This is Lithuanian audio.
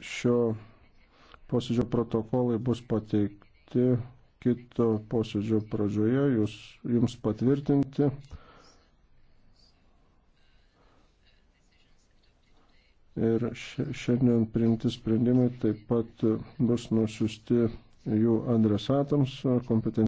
šio posėdžio protokolai bus pateikti kito posėdžio pradžioje, jūs, jums patvirtinti. Ir šiandien priimti sprendimai taip pat bus nusiusti jų adresatams kompetentingiams.